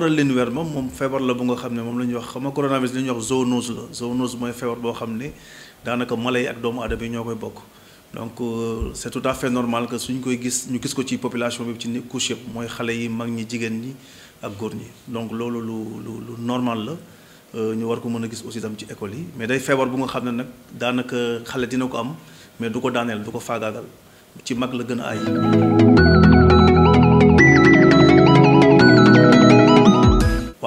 waral leen weer moom moom feebar la bu nga xam ne moom la ñuy wax xam nga coronavirus li ñuy wax zoonose la zoonose mooy feebar boo xam ne daanaka mala yi ak doomu aadama yi ñoo koy bokk donc euh, c'est tout à fait normal que koy gis ñu gis ko ci population bi ci ni couche yëpp mooy xale yi mag ñi jigéen ñi ak góor ñi donc loolu lu lu lu normal la euh, ñu war ko mën a gis aussi tam ci école yi mais day feebar bu nga xam ne nag daanaka xale dina ko am mais du ko daaneel du ko faagaagal ci mag la gën a ay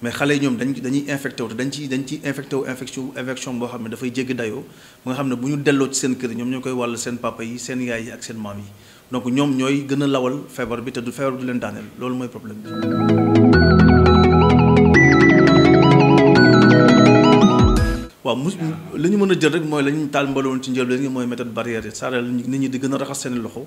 mais xale yi ñoom dañ dañuy infecté wu te dañ ci dañ ciy infecté wu infection infection boo xam ne dafay jéggi dayoo ba nga xam ne bu ñu delloo ci seen kër ñoom ñoo koy wàll seen papa yi seen yaay yi ak seen maam yi donc ñoom ñooy gën a lawal feebar bi te du feebar du leen daaneel loolu mooy problème bi. waaw mu li ñu mën a jël rek mooy la ñu taal mbaloon ci njëlbeen gi mooy méthode barrière yi saa nit ñi di gën a raxas seeni loxo.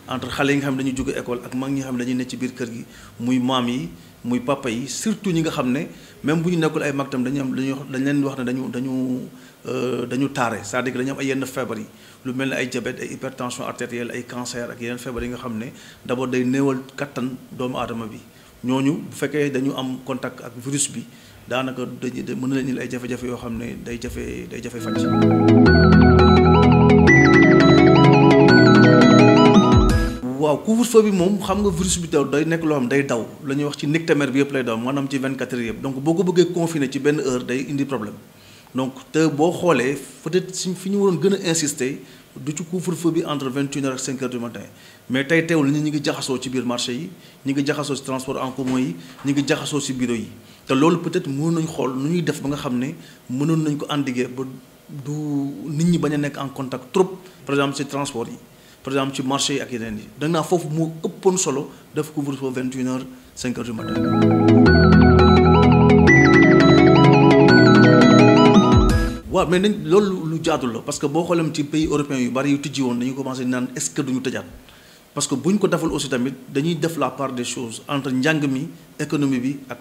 entre xale yi nga xam ne dañuy jóge école ak mag ñi nga xam ne dañuy ne ñi nga xam ne même bu nekkul ay mag tam dañu am dañu dañ leen wax ne dañu dañu euh, dañu taare c'est-à-dire que ay yenn feebar yi lu mel ne ay diabète ay hypertension artérielle ay cancer ak yeneen feebar yi nga xam ne d'abord day néewal kattan doomu aadama bi ñooñu bu fekkee dañu am contact ak virus bi daanaka dañuy mën na leen ay jafe-jafe yoo xam ne day jafe day jafe faj couvre-feu bi moom xam nga virus bi daw day nekk loo xam day daw la ñuy wax ci nictémère bi yëpp lay daw maanaam ci 24 heures yëpp donc boo ko bëggee confiner ci benn heure day indi problème donc te boo xoolee peut-être si fi ñu waroon gën a insister du ci couvre-feu bi entre vingt heures ak 5 heures du matin mais tey teewul ni ñi ngi jaxasoo ci biir marché yi ñi ngi jaxasoo ci transport en commun yi ñi ngi jaxasoo ci biiro yi te loolu peut-être mënoon nañ xool nu ñuy def ba nga xam ne mënoon nañ ko endiguer ba du nit ñi bañ a nekk en contact trop par exemple ci transport yi par exemple ci marché ak yeneen yi da naa foofu moo ëppoon solo def couvre-feu vingt une heures cinq heures du matin. waaw mais loolu lu jaadul la parce que boo xoolee ci pays européens yu bari yu tijji woon dañu commencé naan est-ce que duñu tëjaat parce que buñ ko deful aussi tamit dañuy def la part des choses entre njàng mi économie bi ak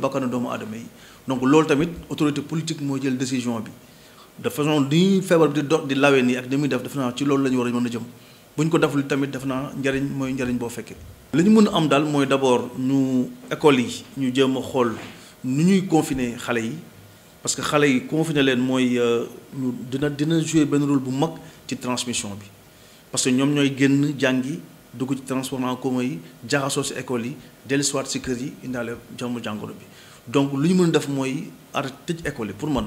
bakkanu doomu aadama yi donc loolu tamit autorité politique moo jël décision bi. de façon li feebar di dox di ak ni muy def def de ci loolu la ñu war a mën a jëm bu ñu ko deful tamit def naa njariñ mooy njariñ boo fekkee. li ñu mën am daal mooy d'abord ñu école yi ñu jéem a xool nu ñuy confiner yi parce que xale yi confiner moi nous euh, ñu dina dina jouer ben rôle bu mag ci transmission bi parce que nous ñooy génn jangi dugg ci transport en commun yi jaxasoo si école yi dellusiwaat si kër yi indaale jàmm jàngoro bi donc lu ñu mën moi def arrêté école pour man.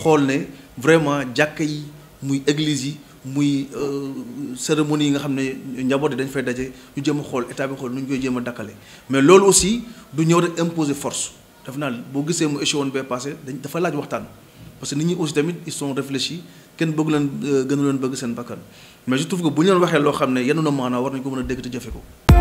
xool ne vraiment jàkka yi muy église yi muy euh, cérémonie yi nga xamné ne dañ fay dajé ñu jëm xol état bi xol nu ñu koy jéem a mais lool aussi du ñëw rek imposer force def naa boo gisee mu échec bé passé dañ dafa laaj waxtan parce que nit ñi aussi tamit ils sont réfléchis ken bëgg leen euh, gënu leen bëgg seen bakkan mais je trouve que bu ñu waxé lo xamné xam ne na maanaam war nañ ko mëna a dégg te jëfé ko